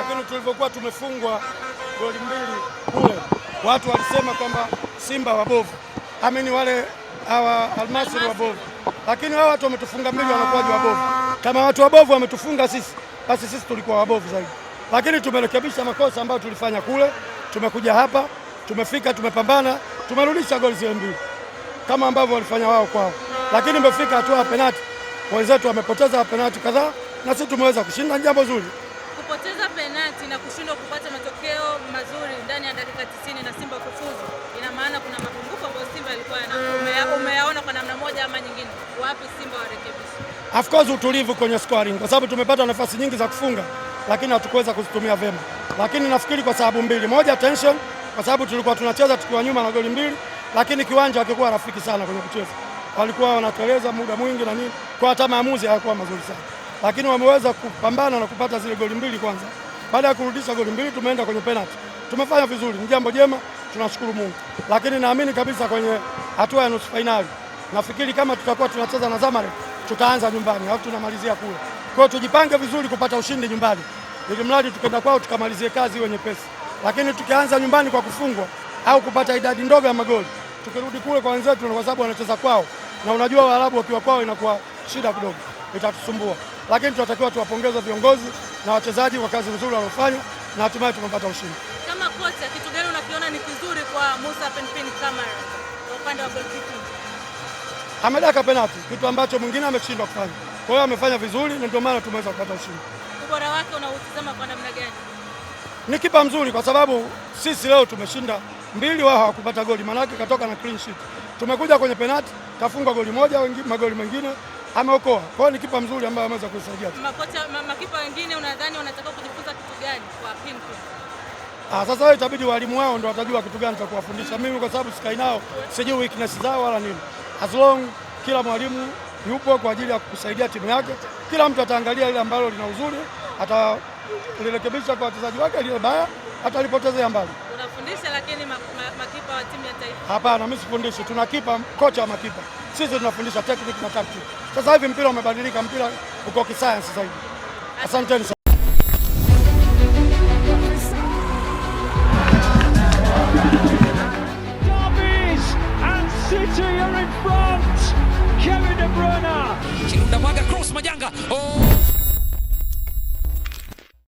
lakini tulivyokuwa tumefungwa goli mbili kule, watu walisema kwamba Simba wabovu, amini wale hawa Almasri wabovu, lakini hawa watu wametufunga mbili, wanakuwaje wabovu? Kama watu wabovu wametufunga sisi, basi sisi tulikuwa wabovu zaidi, lakini tumerekebisha makosa ambayo tulifanya kule. Tumekuja hapa, tumefika, tumepambana, tumerudisha goli zile mbili kama ambavyo walifanya wao kwao, lakini imefika hatua ya penati, wenzetu wamepoteza penati kadhaa na sisi tumeweza kushinda, jambo zuri penalti na kushindwa kupata matokeo mazuri ndani ya dakika 90 na Simba kufuzu, ina maana kuna mapungufu ambayo Simba ilikuwa na alikuwa umeyaona kwa namna moja ama nyingine. Wapi Simba warekebishe? Of course utulivu kwenye scoring, kwa sababu tumepata nafasi nyingi za kufunga lakini hatukuweza kuzitumia vema, lakini nafikiri kwa sababu mbili. Moja, tension, kwa sababu tulikuwa tunacheza tukiwa nyuma na goli mbili, lakini kiwanja hakikuwa rafiki sana kwenye kucheza, walikuwa wanateleza muda mwingi na nini, kwa hata maamuzi hayakuwa mazuri sana, lakini wameweza kupambana na kupata zile goli mbili kwanza baada ya kurudisha goli mbili, tumeenda kwenye penalty. Tumefanya vizuri, ni jambo jema, tunashukuru Mungu, lakini naamini kabisa kwenye hatua ya nusu fainali, nafikiri kama tutakuwa tunacheza na Zamalek tutaanza nyumbani au tunamalizia kule. Kwa hiyo tujipange vizuri kupata ushindi nyumbani, ili mradi tukenda kwao tukamalizie kazi iwe nyepesi, lakini tukianza nyumbani kwa kufungwa au kupata idadi ndogo ya magoli, tukirudi kule kwa wenzetu, kwa sababu wanacheza kwao, na unajua Waarabu wakiwa kwao inakuwa shida kidogo, itatusumbua lakini tunatakiwa tuwapongeze viongozi na wachezaji kwa kazi nzuri wanaofanya na hatimaye tumepata ushindi. Kama kocha, kitu gani unakiona ni kizuri kwa Musa Pinpin Kamara upande wa goalkeeping? Amedaka penalti, kitu ambacho mwingine ameshindwa kufanya. Kwa hiyo amefanya vizuri na ndio maana tumeweza kupata ushindi. Ubora wake unautazama kwa namna gani? Ni kipa mzuri kwa sababu sisi leo tumeshinda mbili, wao hawakupata goli, maanake katoka na clean sheet. Tumekuja kwenye penalti kafunga goli moja, magoli mengine ameokoa. Kwa hiyo ni kipa mzuri ambaye ameweza kusaidia. Makocha makipa wengine unadhani wanatakiwa kujifunza kitu gani kwa Pinto? Ah, sasa hiyo itabidi walimu wao ndio watajua kitu gani cha kuwafundisha. Mimi kwa sababu sikai nao, sijui weakness zao wala nini. As long kila mwalimu yupo kwa ajili ya kusaidia timu yake, kila mtu ataangalia ile ambalo lina uzuri, atalirekebisha kwa wachezaji wake, lile baya atalipotezea mbali. Unafundisha lakini makipa wa timu ya taifa? Hapana, mimi sifundishi, tuna kipa kocha wa makipa. Sisi tunafundisha technique na tactics. Sasa hivi mpira umebadilika, mpira uko kisayansi sasa hivi. Asanteni sana. Kevin De Bruyne. Kinda mwaga cross majanga. Oh.